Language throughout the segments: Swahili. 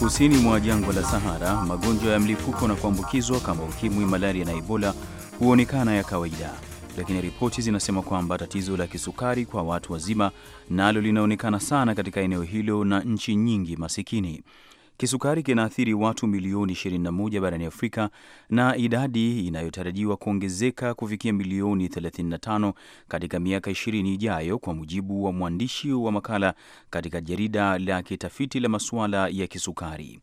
kusini mwa jangwa la Sahara, magonjwa ya mlipuko na kuambukizwa kama ukimwi, malaria na Ebola huonekana ya kawaida, lakini ripoti zinasema kwamba tatizo la kisukari kwa watu wazima nalo linaonekana sana katika eneo hilo na nchi nyingi masikini. Kisukari kinaathiri watu milioni 21 barani Afrika na idadi inayotarajiwa kuongezeka kufikia milioni 35 katika miaka 20 ijayo, kwa mujibu wa mwandishi wa makala katika jarida la kitafiti la masuala ya kisukari.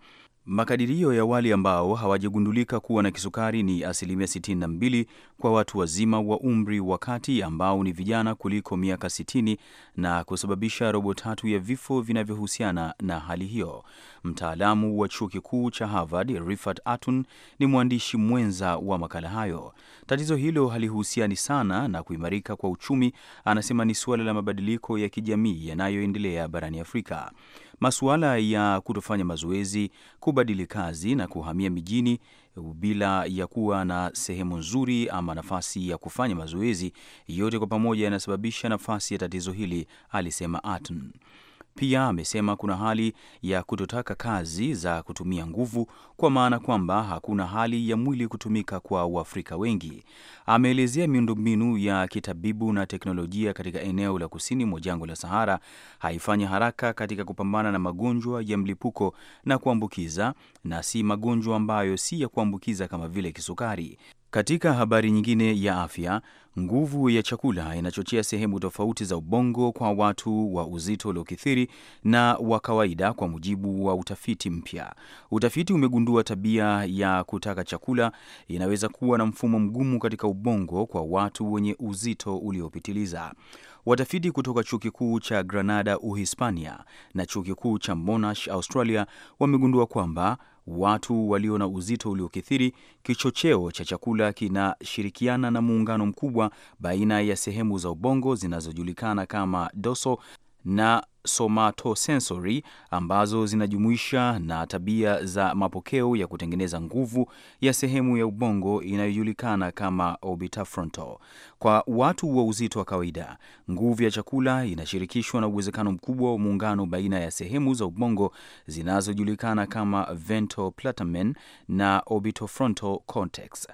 Makadirio ya wale ambao hawajagundulika kuwa na kisukari ni asilimia 62 kwa watu wazima wa umri wa kati ambao ni vijana kuliko miaka 60 na kusababisha robo tatu ya vifo vinavyohusiana na hali hiyo. Mtaalamu wa chuo kikuu cha Harvard Rifat Atun ni mwandishi mwenza wa makala hayo. Tatizo hilo halihusiani sana na kuimarika kwa uchumi, anasema ni suala la mabadiliko ya kijamii yanayoendelea barani Afrika. Masuala ya kutofanya mazoezi, kubadili kazi na kuhamia mijini bila ya kuwa na sehemu nzuri ama nafasi ya kufanya mazoezi, yote kwa pamoja yanasababisha nafasi ya tatizo hili, alisema Aton. Pia amesema kuna hali ya kutotaka kazi za kutumia nguvu, kwa maana kwamba hakuna hali ya mwili kutumika kwa Waafrika wengi. Ameelezea miundombinu ya kitabibu na teknolojia katika eneo la kusini mwa jangwa la Sahara haifanyi haraka katika kupambana na magonjwa ya mlipuko na kuambukiza, na si magonjwa ambayo si ya kuambukiza kama vile kisukari. Katika habari nyingine ya afya, nguvu ya chakula inachochea sehemu tofauti za ubongo kwa watu wa uzito uliokithiri na wa kawaida, kwa mujibu wa utafiti mpya. Utafiti umegundua tabia ya kutaka chakula inaweza kuwa na mfumo mgumu katika ubongo kwa watu wenye uzito uliopitiliza. Watafiti kutoka chuo kikuu cha Granada, Uhispania, na chuo kikuu cha Monash, Australia, wamegundua kwamba watu walio na uzito uliokithiri, kichocheo cha chakula kinashirikiana na muungano mkubwa baina ya sehemu za ubongo zinazojulikana kama doso na somatosensory ambazo zinajumuisha na tabia za mapokeo ya kutengeneza nguvu ya sehemu ya ubongo inayojulikana kama orbitofrontal. Kwa watu wa uzito wa kawaida, nguvu ya chakula inashirikishwa na uwezekano mkubwa wa muungano baina ya sehemu za ubongo zinazojulikana kama ventral putamen na orbitofrontal cortex.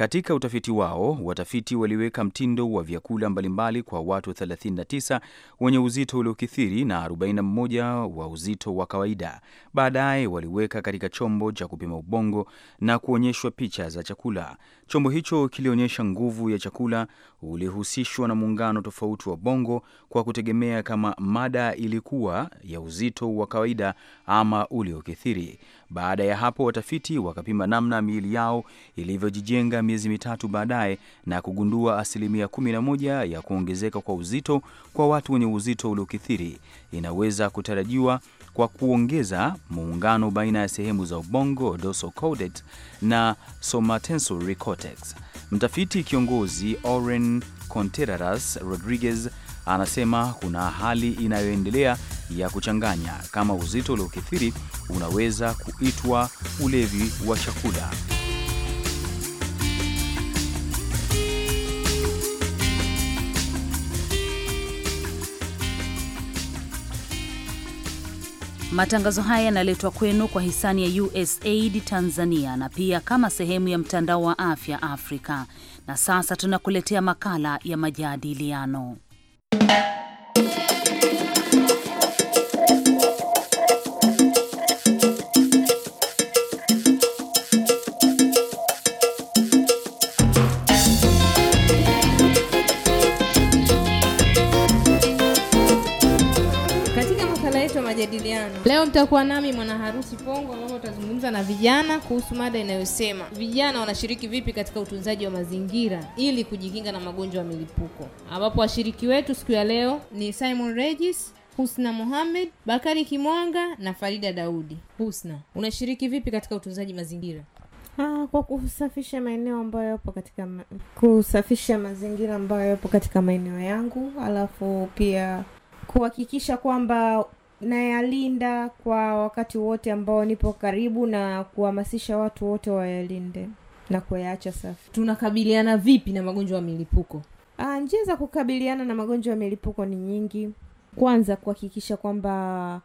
Katika utafiti wao, watafiti waliweka mtindo wa vyakula mbalimbali kwa watu 39 wenye uzito uliokithiri na 41 wa uzito wa kawaida. Baadaye waliweka katika chombo cha kupima ubongo na kuonyeshwa picha za chakula. Chombo hicho kilionyesha nguvu ya chakula ulihusishwa na muungano tofauti wa bongo kwa kutegemea kama mada ilikuwa ya uzito wa kawaida ama uliokithiri. Baada ya hapo, watafiti wakapima namna miili yao ilivyojijenga miezi mitatu baadaye na kugundua asilimia 11 ya kuongezeka kwa uzito kwa watu wenye uzito uliokithiri inaweza kutarajiwa kwa kuongeza muungano baina ya sehemu za ubongo dorsal na somatosensory cortex. Mtafiti kiongozi Oren Contreras Rodriguez anasema kuna hali inayoendelea ya kuchanganya kama uzito uliokithiri unaweza kuitwa ulevi wa chakula. Matangazo haya yanaletwa kwenu kwa hisani ya USAID Tanzania na pia kama sehemu ya mtandao wa afya Afrika. Na sasa tunakuletea makala ya majadiliano wa majadiliano. Leo mtakuwa nami mwana harusi Pongo, ambao tutazungumza na vijana kuhusu mada inayosema vijana wanashiriki vipi katika utunzaji wa mazingira ili kujikinga na magonjwa ya milipuko, ambapo washiriki wetu siku ya leo ni Simon Regis, Husna Mohamed, Bakari Kimwanga na Farida Daudi. Husna, unashiriki vipi katika utunzaji mazingira? Ah, kwa kusafisha maeneo ambayo yapo katika ma... kusafisha mazingira ambayo yapo katika maeneo yangu, alafu pia kuhakikisha kwamba nayalinda kwa wakati wote ambao nipo karibu na kuhamasisha watu wote wayalinde na kuyaacha safi. Tunakabiliana vipi na magonjwa ya milipuko? Ah, njia za kukabiliana na magonjwa ya milipuko ni nyingi. Kwanza, kuhakikisha kwamba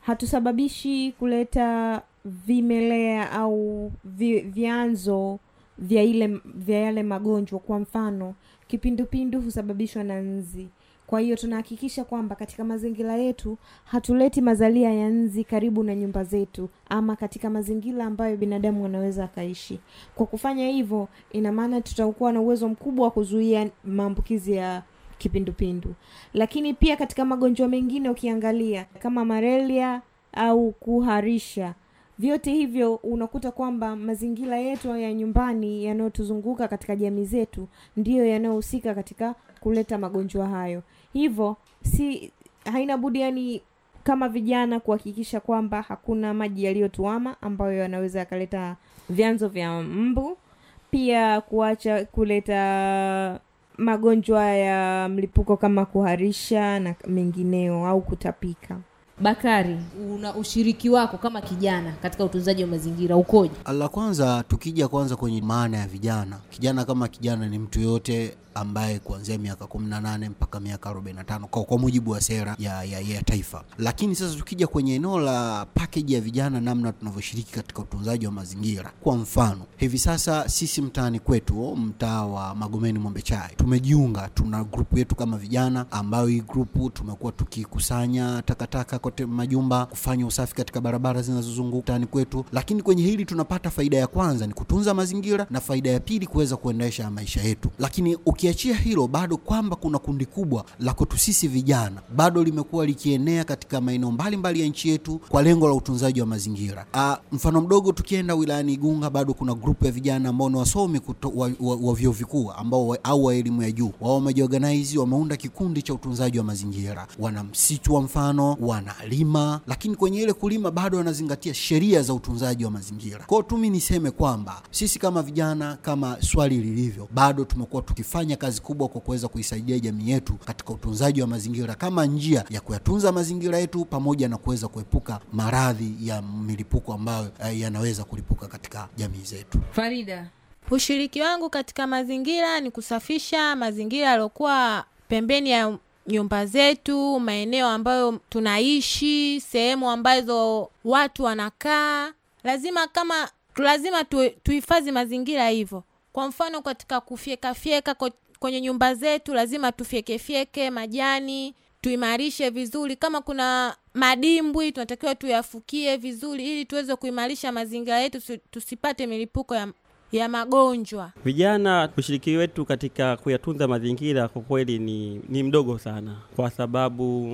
hatusababishi kuleta vimelea au vi, vyanzo vya ile vya yale magonjwa. Kwa mfano, kipindupindu husababishwa na nzi kwa hiyo tunahakikisha kwamba katika mazingira yetu hatuleti mazalia ya nzi karibu na nyumba zetu ama katika mazingira ambayo binadamu anaweza akaishi. Kwa kufanya hivyo, ina maana tutakuwa na uwezo mkubwa wa kuzuia maambukizi ya kipindupindu. Lakini pia katika magonjwa mengine ukiangalia kama marelia au kuharisha vyote hivyo unakuta kwamba mazingira yetu ya nyumbani yanayotuzunguka katika jamii zetu ndiyo yanayohusika katika kuleta magonjwa hayo hivyo si haina budi yani kama vijana kuhakikisha kwamba hakuna maji yaliyotuama ambayo yanaweza yakaleta vyanzo vya mbu pia kuacha kuleta magonjwa ya mlipuko kama kuharisha na mengineo au kutapika bakari una ushiriki wako kama kijana katika utunzaji wa mazingira ukoje la kwanza tukija kwanza kwenye maana ya vijana kijana kama kijana ni mtu yoyote ambaye kuanzia miaka 18 mpaka miaka 45 kwa, kwa mujibu wa sera ya, ya, ya taifa. Lakini sasa tukija kwenye eneo la package ya vijana, namna tunavyoshiriki katika utunzaji wa mazingira, kwa mfano hivi sasa sisi mtaani kwetu, mtaa wa Magomeni Mwembe Chai, tumejiunga, tuna grupu yetu kama vijana, ambayo hii grupu tumekuwa tukikusanya takataka kote majumba, kufanya usafi katika barabara zinazozunguka mtaani kwetu. Lakini kwenye hili tunapata faida ya kwanza ni kutunza mazingira na faida ya pili kuweza kuendesha maisha yetu, lakini uki Ukiachia hilo, bado kwamba kuna kundi kubwa la kwetu sisi vijana bado limekuwa likienea katika maeneo mbalimbali ya nchi yetu kwa lengo la utunzaji wa mazingira. A, ah, mfano mdogo tukienda wilayani Igunga, bado kuna grupu ya vijana ambao ni wasomi wa, wa, wa vyuo vikuu ambao au wa elimu ya juu, wao wamejiorganize, wameunda kikundi cha utunzaji wa mazingira, wana msitu wa mfano, wanalima, lakini kwenye ile kulima bado wanazingatia sheria za utunzaji wa mazingira. Kwao tu mimi niseme kwamba sisi kama vijana, kama swali lilivyo, bado tumekuwa tukifanya tunafanya kazi kubwa kwa kuweza kuisaidia jamii yetu katika utunzaji wa mazingira kama njia ya kuyatunza mazingira yetu pamoja na kuweza kuepuka maradhi ya milipuko ambayo eh, yanaweza kulipuka katika jamii zetu. Farida, ushiriki wangu katika mazingira ni kusafisha mazingira yaliyokuwa pembeni ya nyumba zetu, maeneo ambayo tunaishi, sehemu ambazo watu wanakaa. Lazima kama lazima tu, tuhifadhi mazingira hivyo. Kwa mfano katika kufyekafyeka kwenye nyumba zetu, lazima tufyekefyeke majani tuimarishe vizuri. Kama kuna madimbwi tunatakiwa tuyafukie vizuri, ili tuweze kuimarisha mazingira yetu tusipate milipuko ya ya magonjwa. Vijana, ushiriki wetu katika kuyatunza mazingira kwa kweli ni, ni mdogo sana, kwa sababu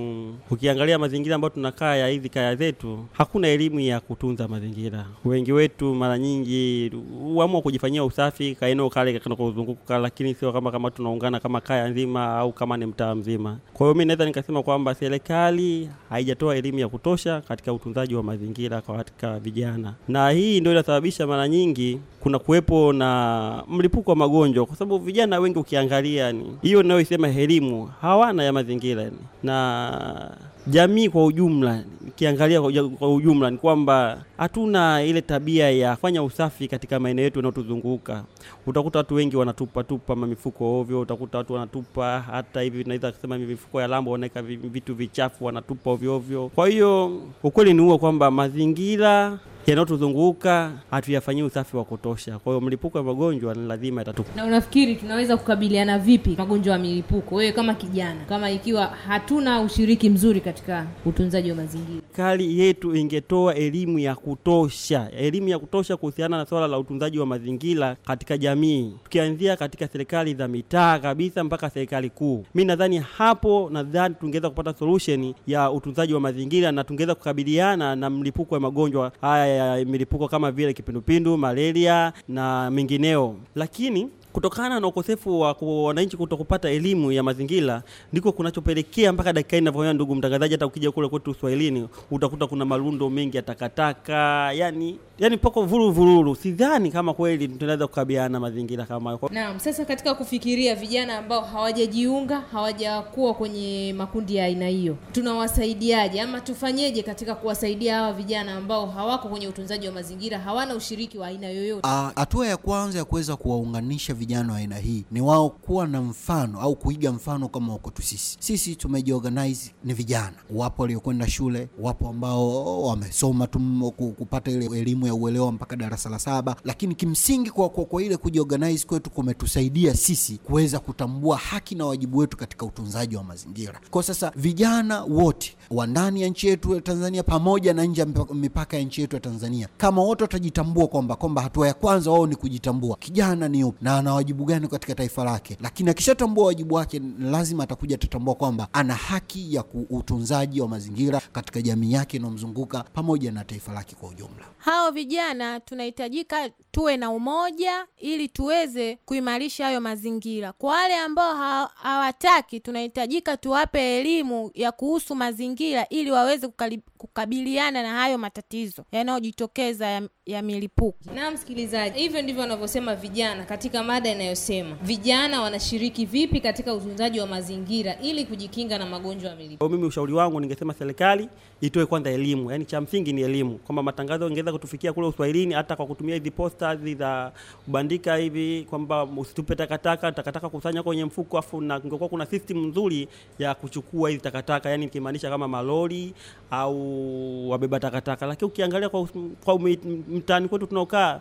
ukiangalia mazingira ambayo tunakaa ya hizi kaya zetu, hakuna elimu ya kutunza mazingira. Wengi wetu mara nyingi huamua kujifanyia usafi kaeneo kale kanakozunguka, lakini sio kama kama tunaungana kama kaya nzima au kama ni mtaa mzima. Kwa hiyo mi naweza nikasema kwamba serikali haijatoa elimu ya kutosha katika utunzaji wa mazingira katika vijana, na hii ndio inasababisha mara nyingi kuna kuwepo kuwepo na mlipuko wa magonjwa, kwa sababu vijana wengi ukiangalia, ni hiyo ninayoisema elimu hawana ya mazingira ni na jamii kwa ujumla. Ukiangalia kwa ujumla ni kwamba hatuna ile tabia ya kufanya usafi katika maeneo yetu yanayotuzunguka. Utakuta watu wengi wanatupa tupa mamifuko ovyo, utakuta watu wanatupa hata hivi, naweza kusema mifuko ya lambo, wanaweka vitu vichafu wanatupa ovyo ovyo. Kwa hiyo ukweli ni huo kwamba mazingira yanayotuzunguka hatuyafanyii usafi wa kutosha. Kwa hiyo mlipuko ya magonjwa ni lazima itatuka. Na unafikiri tunaweza kukabiliana vipi magonjwa ya milipuko, wewe kama kijana, kama ikiwa hatuna ushiriki mzuri katika utunzaji wa mazingira? kali yetu ingetoa elimu ya kutosha, elimu ya kutosha kuhusiana na swala la utunzaji wa mazingira katika jamii, tukianzia katika serikali za mitaa kabisa mpaka serikali kuu. Mi nadhani hapo, nadhani tungeweza kupata solution ya utunzaji wa mazingira na tungeweza kukabiliana na mlipuko wa magonjwa haya ya milipuko kama vile kipindupindu, malaria na mengineo, lakini Kutokana na ukosefu wa wananchi kutokupata kupata elimu ya mazingira ndiko kunachopelekea mpaka dakika hii ninavyoona, ndugu mtangazaji, hata ukija kule kwetu Uswahilini utakuta kuna marundo mengi ya takataka, yani yani poko vuru vururu. Sidhani kama kweli tunaweza kukabiliana na mazingira kama hayo. Naam, sasa katika kufikiria vijana ambao hawajajiunga, hawajakuwa kwenye makundi ya aina hiyo, tunawasaidiaje ama tufanyeje katika kuwasaidia hawa vijana ambao hawako kwenye utunzaji wa mazingira, hawana ushiriki wa aina yoyote? Ah, hatua ya kwanza ya kuweza kuwaunganisha vijana wa aina hii ni wao kuwa na mfano au kuiga mfano kama wako tu sisi. Sisi tumejiorganize ni vijana, wapo waliokwenda shule, wapo ambao wamesoma tu kupata ile elimu ya uelewa mpaka darasa la saba, lakini kimsingi kwa, kwa, kwa ile kujiorganize kwetu kumetusaidia sisi kuweza kutambua haki na wajibu wetu katika utunzaji wa mazingira. Kwa sasa vijana wote wa ndani ya nchi yetu ya Tanzania pamoja na nje ya mipaka ya nchi yetu ya Tanzania, kama wote watajitambua kwamba kwamba hatua ya kwanza wao ni kujitambua, kijana ni upi na ana wajibu gani katika taifa lake, lakini akishatambua wajibu wake, lazima atakuja atatambua kwamba ana haki ya utunzaji wa mazingira katika jamii yake inayomzunguka pamoja na taifa lake kwa ujumla hao vijana tunahitajika tuwe na umoja ili tuweze kuimarisha hayo mazingira. Kwa wale ambao hawataki, tunahitajika tuwape elimu ya kuhusu mazingira ili waweze kukabiliana na hayo matatizo yanayojitokeza ya, ya milipuko. Na msikilizaji, hivyo ndivyo wanavyosema vijana katika mada inayosema vijana wanashiriki vipi katika utunzaji wa mazingira ili kujikinga na magonjwa ya milipuko. Mimi ushauri wangu, ningesema serikali itoe kwanza elimu, yani cha msingi ni elimu kwamba matangazo ingeweza kutufikia kule Uswahilini, hata kwa kutumia hizi hizi za kubandika hivi kwamba usitupe takataka, takataka kusanya kwenye mfuko, afu na ingekuwa kuna system nzuri ya kuchukua hizi takataka, yani nikimaanisha kama malori au wabeba takataka. Lakini ukiangalia kwa, kwa mtaani kwetu tunaokaa,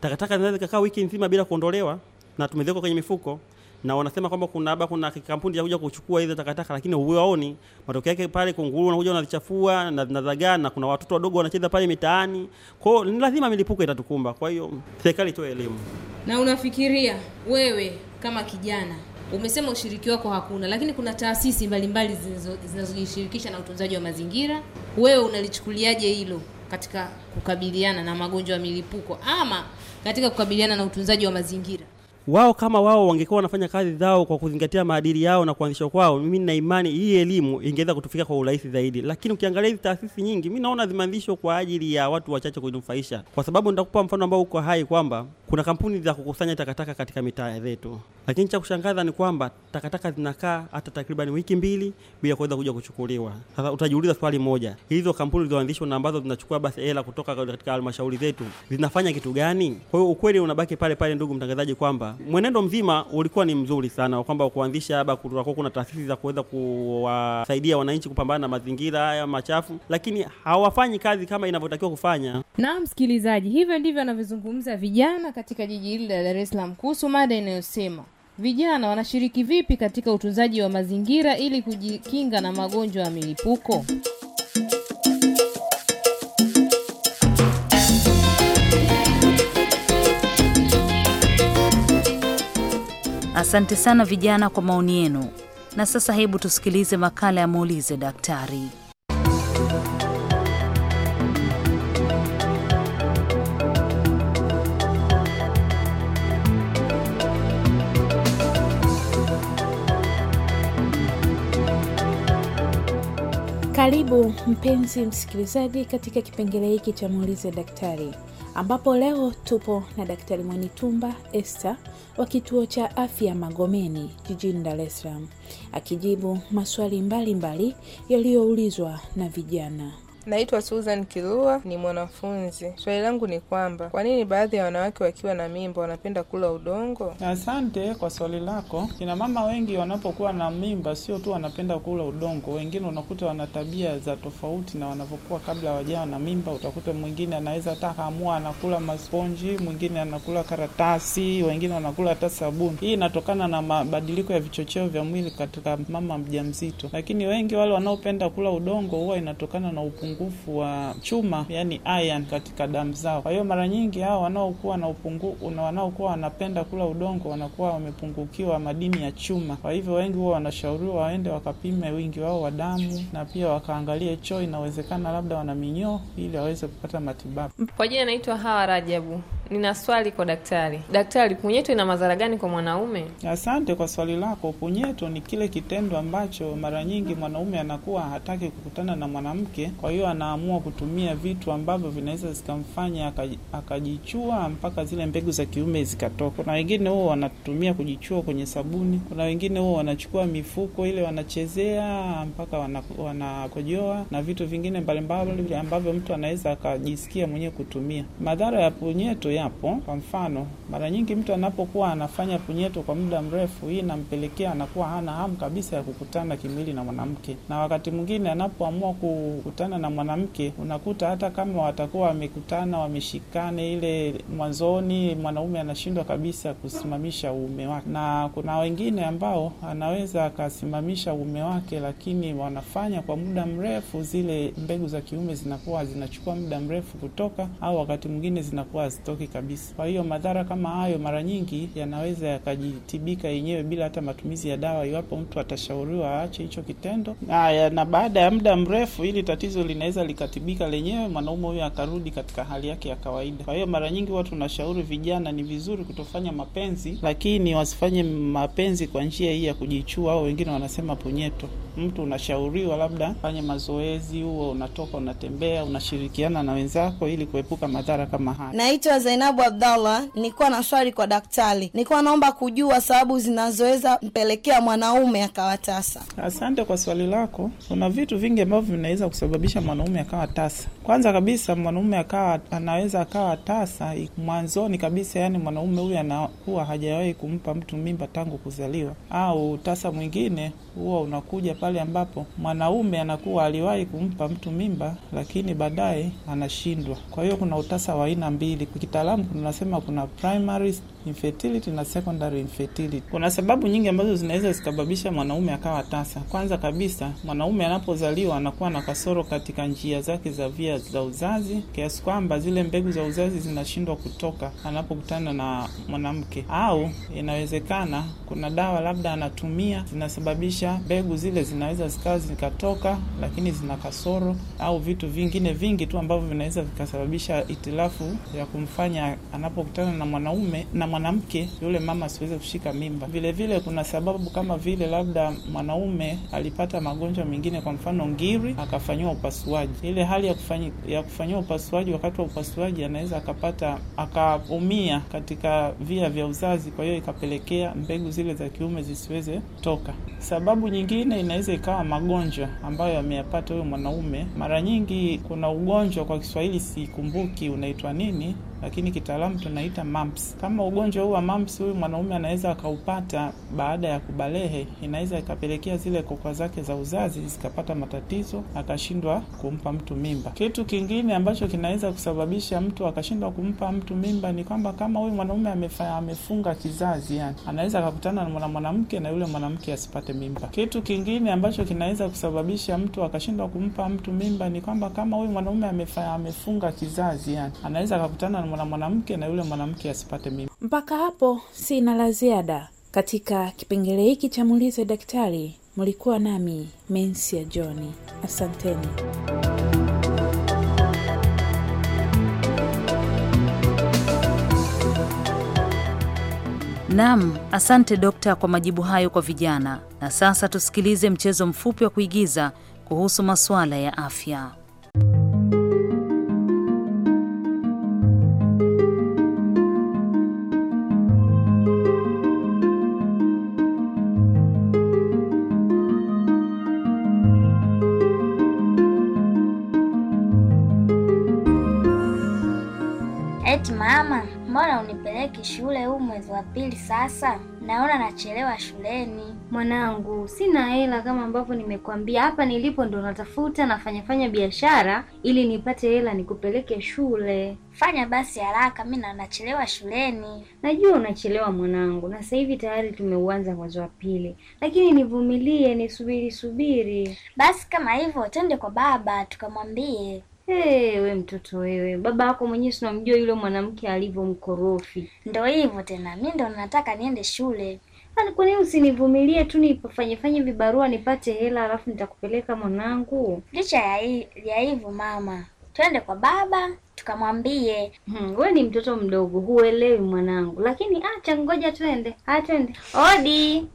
takataka zinaweza kukaa wiki nzima bila kuondolewa na tumeziweka kwenye mifuko na wanasema kwamba kuna labda kuna kampuni ya kuja kuchukua hizo takataka, lakini huwaoni matokeo yake. Pale kunguru wanakuja wanazichafua na zinazagaa, na kuna watoto wadogo wanacheza pale mitaani. Kwa hiyo ni lazima milipuko itatukumba. Kwa hiyo serikali itoe elimu. Na unafikiria wewe kama kijana umesema ushiriki wako hakuna, lakini kuna taasisi mbalimbali zinazojishirikisha na utunzaji wa mazingira. Wewe unalichukuliaje hilo katika kukabiliana na magonjwa ya milipuko ama katika kukabiliana na utunzaji wa mazingira? wao kama wao wangekuwa wanafanya kazi zao kwa kuzingatia maadili yao na kuanzishwa kwao, mimi na imani hii elimu ingeweza kutufika kwa urahisi zaidi. Lakini ukiangalia hizi taasisi nyingi, mimi naona zimeanzishwa kwa ajili ya watu wachache kujinufaisha, kwa sababu nitakupa mfano ambao uko hai kwamba kuna kampuni za kukusanya takataka katika mitaa zetu, lakini cha kushangaza ni kwamba takataka zinakaa hata takriban wiki mbili bila kuweza kuja kuchukuliwa. Sasa utajiuliza swali moja, hizo kampuni zilizoanzishwa na ambazo zinachukua basi hela kutoka katika halmashauri zetu zinafanya kitu gani? Kwa hiyo ukweli unabaki pale pale, ndugu mtangazaji, kwamba mwenendo mzima ulikuwa ni mzuri sana, kwamba kuanzisha labda kutakuwa kuna taasisi za kuweza kuwasaidia wananchi kupambana na mazingira haya machafu, lakini hawafanyi kazi kama inavyotakiwa kufanya. Na msikilizaji, hivyo ndivyo anavyozungumza vijana katika jiji hili la Dar es Salaam kuhusu mada inayosema vijana wanashiriki vipi katika utunzaji wa mazingira ili kujikinga na magonjwa ya milipuko. Asante sana vijana kwa maoni yenu. Na sasa hebu tusikilize makala ya muulize daktari. Karibu mpenzi msikilizaji katika kipengele hiki cha muulize daktari ambapo leo tupo na Daktari Mwenitumba Esther wa kituo cha afya Magomeni jijini Dar es Salaam akijibu maswali mbalimbali yaliyoulizwa na vijana. Naitwa Susan Kilua, ni mwanafunzi. Swali langu ni kwamba kwa nini baadhi ya wanawake wakiwa na mimba wanapenda kula udongo? Asante kwa swali lako. Kina mama wengi wanapokuwa na mimba sio tu wanapenda kula udongo, wengine unakuta wana tabia za tofauti na wanavyokuwa kabla wajawa na mimba. Utakuta mwingine anaweza hata kaamua anakula masponji, mwingine anakula karatasi, wengine wanakula hata sabuni. Hii inatokana na mabadiliko ya vichocheo vya mwili katika mama mjamzito, lakini wengi wale wanaopenda kula udongo huwa inatokana na upungu upungufu wa chuma, yani iron, katika damu zao. Kwa hiyo mara nyingi hao wanaokuwa na upungufu na wanaokuwa wanapenda kula udongo wanakuwa wamepungukiwa madini ya chuma. Kwa hivyo wengi huwa wanashauriwa waende wakapime wingi wao wa damu na pia wakaangalie choo, inawezekana labda wana minyoo, ili waweze kupata matibabu. Kwa jina naitwa Hawa Rajabu. Nina swali kwa daktari. Daktari, punyeto ina madhara gani kwa mwanaume? Asante kwa swali lako. Punyeto ni kile kitendo ambacho mara nyingi mwanaume anakuwa hataki kukutana na mwanamke, kwa hiyo anaamua kutumia vitu ambavyo vinaweza zikamfanya akajichua mpaka zile mbegu za kiume zikatoka. Kuna wengine huo wanatumia kujichua kwenye sabuni, kuna wengine huo wanachukua mifuko ile wanachezea mpaka wanakojoa, wana na vitu vingine mbalimbali ambavyo mtu anaweza akajisikia mwenyewe kutumia. Madhara ya punyeto hapo. Kwa mfano, mara nyingi mtu anapokuwa anafanya punyeto kwa muda mrefu, hii inampelekea anakuwa hana hamu kabisa ya kukutana kimwili na mwanamke, na wakati mwingine anapoamua kukutana na mwanamke, unakuta hata kama watakuwa wamekutana, wameshikana, ile mwanzoni mwanaume anashindwa kabisa kusimamisha uume wake, na kuna wengine ambao anaweza akasimamisha uume wake, lakini wanafanya kwa muda mrefu, zile mbegu za kiume zinakuwa zinachukua muda mrefu kutoka, au wakati mwingine zinakuwa hazitoki kabisa. Kwa hiyo madhara kama hayo mara nyingi yanaweza yakajitibika yenyewe bila hata matumizi ya dawa, iwapo mtu atashauriwa aache hicho kitendo. Haya, na baada ya muda mrefu, hili tatizo linaweza likatibika lenyewe, mwanaume huyo akarudi katika hali yake ya kawaida. Kwa hiyo mara nyingi huwa tunashauri vijana, ni vizuri kutofanya mapenzi, lakini wasifanye mapenzi kwa njia hii ya kujichua, au wengine wanasema punyeto mtu unashauriwa labda fanye mazoezi, huo unatoka unatembea, unashirikiana na wenzako ili kuepuka madhara kama haya. Naitwa Zainabu Abdallah, nilikuwa na swali kwa daktari, nilikuwa naomba kujua sababu zinazoweza mpelekea mwanaume akawa tasa. Asante kwa swali lako. Kuna vitu vingi ambavyo vinaweza kusababisha mwanaume akawa tasa. Kwanza kabisa mwanaume akawa anaweza akawa tasa mwanzoni kabisa, yani mwanaume huyu anakuwa hajawahi kumpa mtu mimba tangu kuzaliwa, au tasa mwingine huwa unakuja pale ambapo mwanaume anakuwa aliwahi kumpa mtu mimba, lakini baadaye anashindwa. Kwa hiyo kuna utasa wa aina mbili, kitaalamu tunasema kuna primary infertility na secondary infertility. Kuna sababu nyingi ambazo zinaweza zikababisha mwanaume akawa tasa. Kwanza kabisa, mwanaume anapozaliwa anakuwa na kasoro katika njia zake za via za uzazi, kiasi kwamba zile mbegu za uzazi zinashindwa kutoka anapokutana na mwanamke, au inawezekana kuna dawa labda anatumia zinasababisha mbegu zile zinaweza zikawa zikatoka, lakini zina kasoro, au vitu vingine vingi tu ambavyo vinaweza vikasababisha itilafu ya kumfanya anapokutana na mwanaume na mwanamke yule mama asiweze kushika mimba. Vilevile vile, kuna sababu kama vile labda mwanaume alipata magonjwa mengine, kwa mfano ngiri, akafanyiwa upasuaji. Ile hali ya kufanyi, ya kufanyiwa upasuaji, wakati wa upasuaji anaweza akapata akaumia katika via vya uzazi, kwa hiyo ikapelekea mbegu zile za kiume zisiweze toka Sababu nyingine inaweza ikawa magonjwa ambayo ameyapata huyo mwanaume. Mara nyingi kuna ugonjwa kwa Kiswahili sikumbuki unaitwa nini, lakini kitaalamu tunaita mumps. Kama ugonjwa huu wa mumps huyu mwanaume anaweza akaupata baada ya kubalehe, inaweza ikapelekea zile kokwa zake za uzazi zikapata matatizo, akashindwa kumpa mtu mimba. Kitu kingine ambacho kinaweza kusababisha mtu akashindwa kumpa mtu mimba ni kwamba kama huyu mwanaume amefunga kizazi, yani anaweza akakutana na mwanamke na yule mwanamke asipate mimba. Kitu kingine ambacho kinaweza kusababisha mtu akashindwa kumpa mtu mimba ni kwamba kama huyu mwanaume amefunga kizazi, yani anaweza akakutana na na mwanamke na yule mwanamke asipate mimba. Mpaka hapo sina la ziada katika kipengele hiki cha Muulize Daktari. Mlikuwa nami Mensia Johni, asanteni. Nam, asante dokta kwa majibu hayo kwa vijana. Na sasa tusikilize mchezo mfupi wa kuigiza kuhusu masuala ya afya. nipeleke shule huu mwezi wa pili sasa? Naona nachelewa shuleni. Mwanangu, sina hela kama ambavyo nimekwambia. Hapa nilipo ndo natafuta nafanyafanya biashara ili nipate hela nikupeleke shule. Fanya basi haraka, mi nachelewa shuleni. Najua unachelewa mwanangu, na sasa hivi tayari tumeuanza mwezi wa pili, lakini nivumilie, nisubiri subiri. Basi kama hivyo, twende kwa baba tukamwambie Hey, we mtoto wewe, baba yako mwenyewe sinamjua yule mwanamke alivyo mkorofi. ndo hivyo tena, mi ndo nataka niende shule. Yaani kwa nini usinivumilie tu nifanye fanye vibarua nipate hela, alafu nitakupeleka mwanangu? Licha ya hivyo mama, twende kwa baba tukamwambie. Hmm, we ni mtoto mdogo, huelewi mwanangu, lakini acha, ngoja twende. Twende odi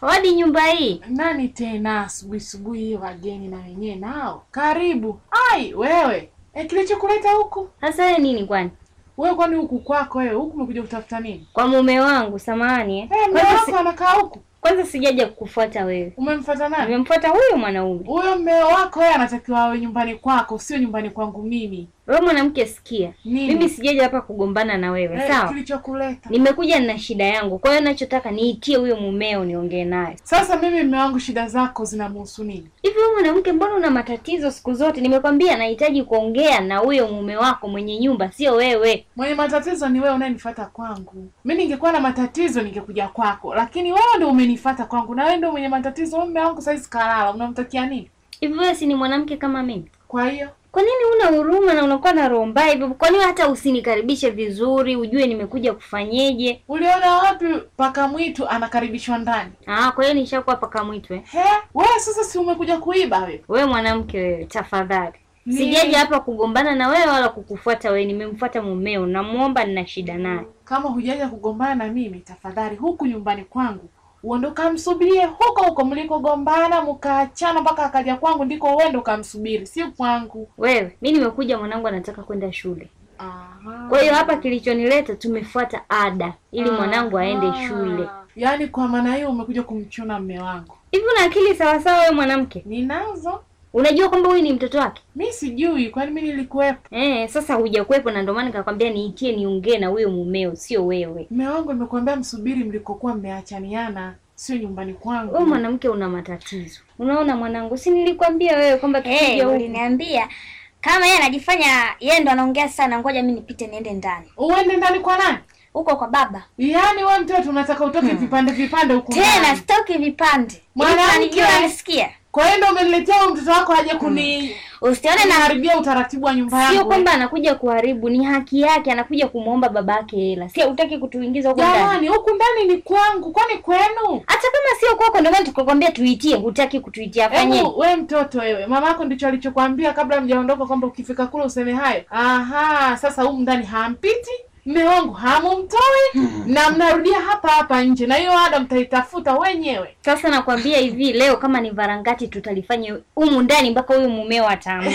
Hodi nyumba hii. Nani tena asubuhi asubuhi hiyo wageni na wenyewe nao. Karibu. Ai wewe. E, kilichokuleta huku? Sasa wewe nini kwani? Wewe kwani huku kwako wewe huku umekuja kutafuta nini? Kwa mume wangu, samahani eh. Hey, eh, mume wako anakaa huku. Kwanza sijaja kukufuata wewe. Umemfuata nani? Nimemfuata huyu mwanaume. Huyo mume wako yeye anatakiwa awe nyumbani kwako, sio nyumbani kwangu mimi wewe mwanamke sikia, Nini? Mimi sijaja hapa kugombana na wewe hey, eh, sawa? Kilichokuleta nimekuja na shida yangu, kwa hiyo nachotaka niitie huyo mumeo niongee naye. Sasa mimi mume wangu, shida zako zinamhusu nini? Hivi wewe mwanamke, mbona una matatizo siku zote? Nimekwambia nahitaji kuongea na huyo mume wako mwenye nyumba, sio wewe. Mwenye matatizo ni wewe unayenifuata kwangu. Mimi ningekuwa na matatizo ningekuja kwako, lakini wewe ndio umenifuata kwangu, na wewe ndio mwenye matatizo. Mume wangu saizi kalala, unamtakia nini? Hivi wewe si ni mwanamke kama mimi? Kwa hiyo kwa nini una huruma na unakuwa na roho mbaya hivyo? Kwa nini hata usinikaribishe vizuri, ujue nimekuja kufanyeje? Uliona wapi paka mwitu anakaribishwa ndani? Ah, kwa hiyo nishakuwa paka mwitu eh? He, wewe sasa si umekuja kuiba wewe? Wewe mwanamke wewe, tafadhali ni... sijaja hapa kugombana na wewe wala kukufuata wewe, nimemfuata mumeo, namwomba nina shida naye. Kama hujaja kugombana na mimi, tafadhali huku nyumbani kwangu uende ukamsubirie huko huko mlikogombana mkaachana, mpaka akaja kwangu ndiko uende ukamsubiri, si kwangu wewe. Mi nimekuja mwanangu anataka kwenda shule. Aha. Kwa hiyo hapa kilichonileta tumefuata ada ili mwanangu aende shule. Yaani kwa maana hiyo umekuja kumchuna mme wangu. Hivi una akili sawasawa wewe mwanamke? Ninazo. Unajua kwamba huyu ni mtoto wake? Mimi sijui, kwani mimi nilikuwepo. Eh, sasa hujakuwepo na ndio maana nikakwambia niitie niongee na huyo mumeo, sio wewe. Mume wangu amekwambia msubiri mlikokuwa mmeachaniana, sio nyumbani kwangu. Wewe mwanamke una matatizo. Unaona mwanangu, si nilikwambia wewe kwamba eh, tukija hey, huko. Uliniambia kama yeye anajifanya yeye ndo anaongea sana, ngoja mimi nipite niende ndani. Uende ndani kwa nani? Huko kwa baba. Yaani wewe mtoto unataka utoke hmm, vipande vipande huko. Tena sitoki vipande. Mwanamke eh? anisikia. Kwa hiyo ndio umeniletea mtoto wako aje hmm. kuni usione na haribia utaratibu wa nyumba yangu. Sio kwamba anakuja kuharibu, ni haki yake, anakuja kumuomba babake hela. Sio utaki kutuingiza huko ndani. Jamani, huku ndani ni kwangu, kwani kwenu? Hata kama sio kwako ndio maana tukakwambia tuitie, hutaki kutuitia fanye. Hebu wewe mtoto wewe, mamako ndicho alichokuambia kabla mjaondoka kwamba ukifika kule useme hayo. Aha, sasa huko ndani hampiti mme wangu hamumtoi hmm. na mnarudia hapa hapa nje, na hiyo ada mtaitafuta wenyewe. Sasa nakwambia hivi, leo kama ni varangati tutalifanya humu ndani mpaka huyu mumeo ataamka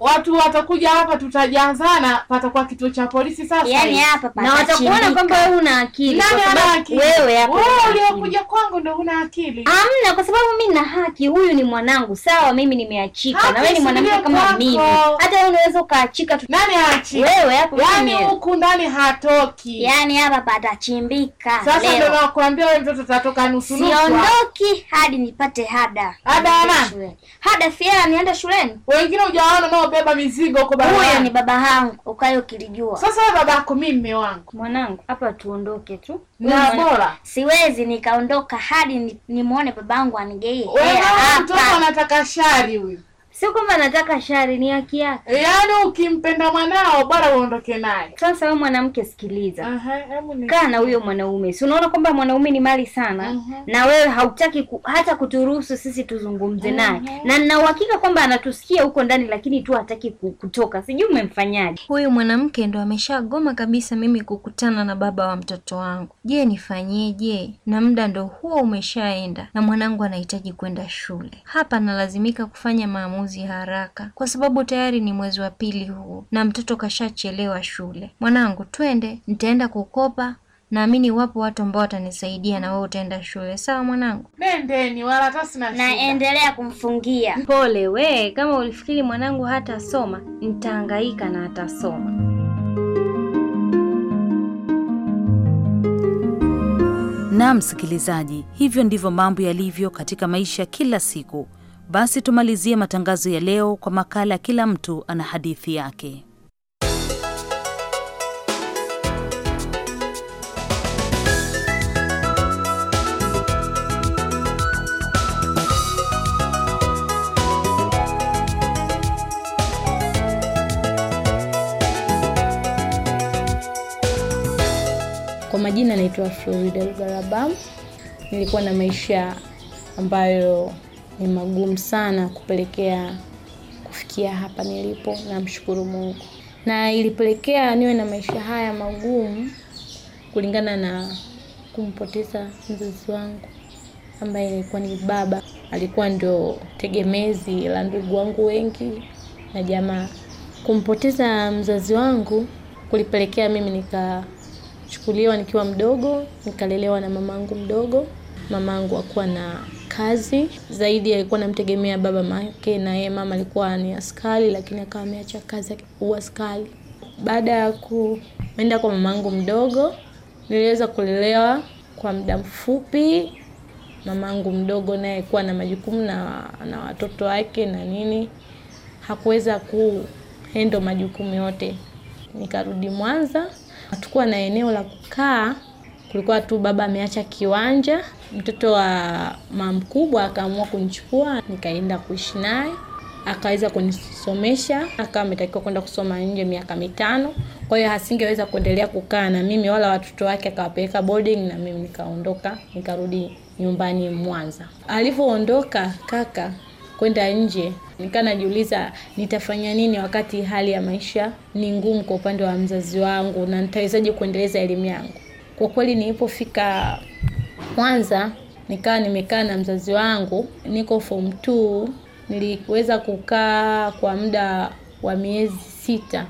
watu watakuja hapa, tutajazana, patakuwa kituo cha polisi sasa, yani hapa na watakuona kwamba wewe una akili. Nani ana akili? Wewe hapa, wewe uliokuja kwangu ndio una akili. Hamna, kwa sababu mimi na haki. Huyu ni mwanangu, sawa, mimi nimeachika, na wewe ni mwanamke kama mimi. Hata wewe unaweza ukaachika tu. Nani aachi? Wewe hapo, yani huku ndani hatoki, yani hapa patachimbika. Sasa ndio nakwambia wewe, mtoto tatoka nusu nusu, siondoki hadi nipate hada hada. Ana hada, fiera nienda shuleni. Wengine hujaona nao beba mizigo kwa baba. Huyo ni baba yangu, ukayo kilijua. Sasa wewe babako, mimi mume wangu. Mwanangu, hapa tuondoke tu. Na bora. Siwezi nikaondoka hadi nimwone babangu anigeie. Wewe mtoto anataka shari huyu. Sio kwamba nataka shari, ni haki yake. Yaani ukimpenda mwanao bora uondoke naye. Sasa wewe mwanamke, sikiliza. Uh-huh, kaa na huyo mwanaume, si unaona kwamba mwanaume ni mali sana. Uh-huh. na wewe hautaki ku, hata kuturuhusu sisi tuzungumze naye. Uh-huh. na nina uhakika kwamba anatusikia huko ndani, lakini tu hataki kutoka. Sijui umemfanyaje huyu mwanamke, ndo ameshagoma kabisa mimi kukutana na baba wa mtoto wangu. Je, nifanyeje? Na muda ndo huo umeshaenda na mwanangu anahitaji kwenda shule. Hapa nalazimika kufanya maamuzi maamuzi haraka, kwa sababu tayari ni mwezi wa pili huu na mtoto kashachelewa shule. Mwanangu, twende, nitaenda kukopa Naamini wapo watu ambao watanisaidia na wewe utaenda shule. Sawa mwanangu? Nendeni wala hata sina shida. Naendelea kumfungia. Pole we, kama ulifikiri mwanangu hatasoma, nitahangaika na atasoma. Na msikilizaji, hivyo ndivyo mambo yalivyo katika maisha kila siku. Basi tumalizie matangazo ya leo kwa makala Kila mtu ana hadithi yake. Kwa majina naitwa Florida Lugarabam. Nilikuwa na maisha ambayo ni magumu sana kupelekea kufikia hapa nilipo, namshukuru Mungu. Na ilipelekea niwe na maisha haya magumu kulingana na kumpoteza mzazi wangu ambaye alikuwa ni baba, alikuwa ndio tegemezi la ndugu wangu wengi na jamaa. Kumpoteza mzazi wangu kulipelekea mimi nikachukuliwa nikiwa mdogo, nikalelewa na mamangu mdogo. Mamangu akuwa na kazi zaidi, alikuwa anamtegemea baba make, na yeye mama alikuwa ni askari, lakini akawa ameacha kazi uaskari. Baada ya kuenda kwa mamangu mdogo, niliweza kulelewa kwa muda mfupi. Mamangu mdogo naye alikuwa na majukumu na, na watoto wake na nini, hakuweza kuhendo majukumu yote. Nikarudi Mwanza, hatukuwa na eneo la kukaa kulikuwa tu baba ameacha kiwanja, mtoto wa mama mkubwa akaamua kunichukua, nikaenda kuishi naye akaweza kunisomesha. Akawa ametakiwa kwenda kusoma nje miaka mitano, kwa hiyo hasingeweza kuendelea kukaa na mimi wala watoto wake, akawapeleka boarding na mimi nikaondoka, nikarudi nyumbani Mwanza. Alivyoondoka kaka kwenda nje, nikaa najiuliza nitafanya nini wakati hali ya maisha ni ngumu kwa upande wa mzazi wangu, na nitawezaje kuendeleza elimu yangu. Kwa kweli nilipofika kwanza nikawa nimekaa na mzazi wangu, niko form 2 niliweza kukaa kwa muda wa miezi sita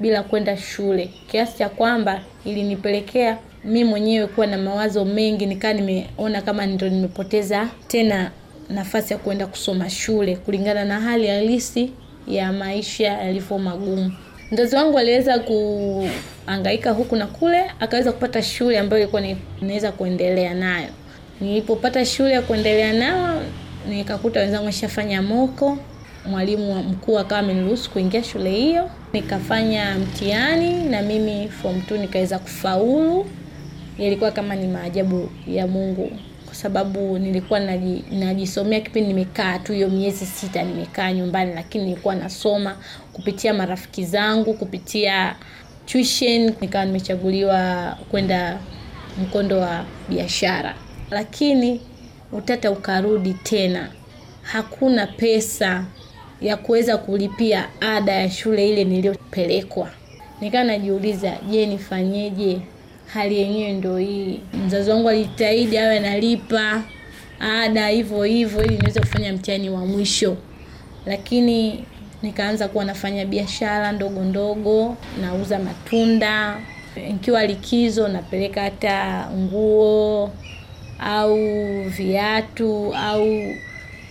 bila kwenda shule, kiasi cha kwamba ilinipelekea mi mwenyewe kuwa na mawazo mengi, nikaa nimeona kama ndo nimepoteza tena nafasi ya kwenda kusoma shule kulingana na hali halisi ya maisha yalivyo magumu. Mzazi wangu aliweza kuangaika huku na kule, akaweza kupata shule ambayo ilikuwa naweza kuendelea nayo. Nilipopata shule ya kuendelea nayo, nikakuta wenzangu washafanya moko, mwalimu mkuu akawa ameniruhusu kuingia shule hiyo, nikafanya mtihani na mimi form 2 nikaweza kufaulu. Ilikuwa kama ni maajabu ya Mungu sababu nilikuwa najisomea kipindi nimekaa tu hiyo miezi sita nimekaa nyumbani, lakini nilikuwa nasoma kupitia marafiki zangu, kupitia tuition, nikawa nimechaguliwa kwenda mkondo wa biashara, lakini utata ukarudi tena, hakuna pesa ya kuweza kulipia ada ya shule ile niliyopelekwa. Nikawa najiuliza, je, nifanyeje? hali yenyewe ndio hii. Mzazi wangu alijitahidi awe analipa ada hivyo hivyo ili niweze kufanya mtihani wa mwisho, lakini nikaanza kuwa nafanya biashara ndogo ndogo, nauza matunda. Nikiwa likizo napeleka hata nguo au viatu au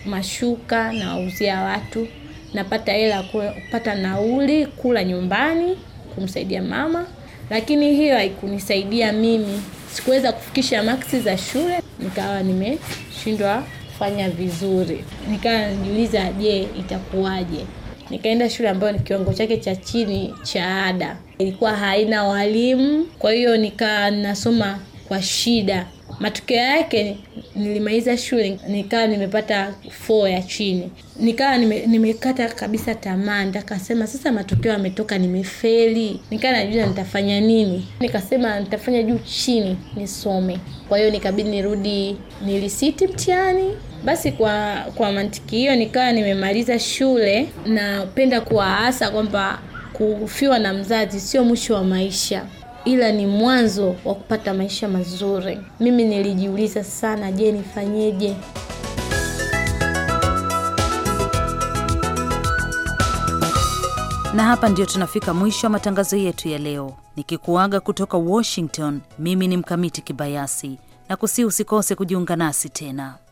mashuka, nawauzia watu, napata hela kupata nauli, kula nyumbani, kumsaidia mama lakini hiyo haikunisaidia mimi, sikuweza kufikisha maksi za shule, nikawa nimeshindwa kufanya vizuri. Nikawa najiuliza, je, itakuwaje? Nikaenda shule ambayo ni kiwango chake cha chini cha ada, ilikuwa haina walimu, kwa hiyo nika nasoma kwa shida. Matokeo yake nilimaliza shule nikawa nimepata foo ya chini, nikawa nime, nimekata kabisa tamaa. Nikasema sasa matokeo ametoka nimefeli, nikawa najua nitafanya nini. Nikasema nitafanya juu chini nisome. Kwa hiyo nikabidi nirudi nilisiti mtihani. Basi kwa kwa mantiki hiyo nikawa nimemaliza shule. Napenda kuwaasa kwamba kufiwa na mzazi sio mwisho wa maisha ila ni mwanzo wa kupata maisha mazuri. Mimi nilijiuliza sana, je, nifanyeje? Na hapa ndio tunafika mwisho wa matangazo yetu ya leo, nikikuaga kutoka Washington. Mimi ni Mkamiti Kibayasi na kusi, usikose kujiunga nasi tena.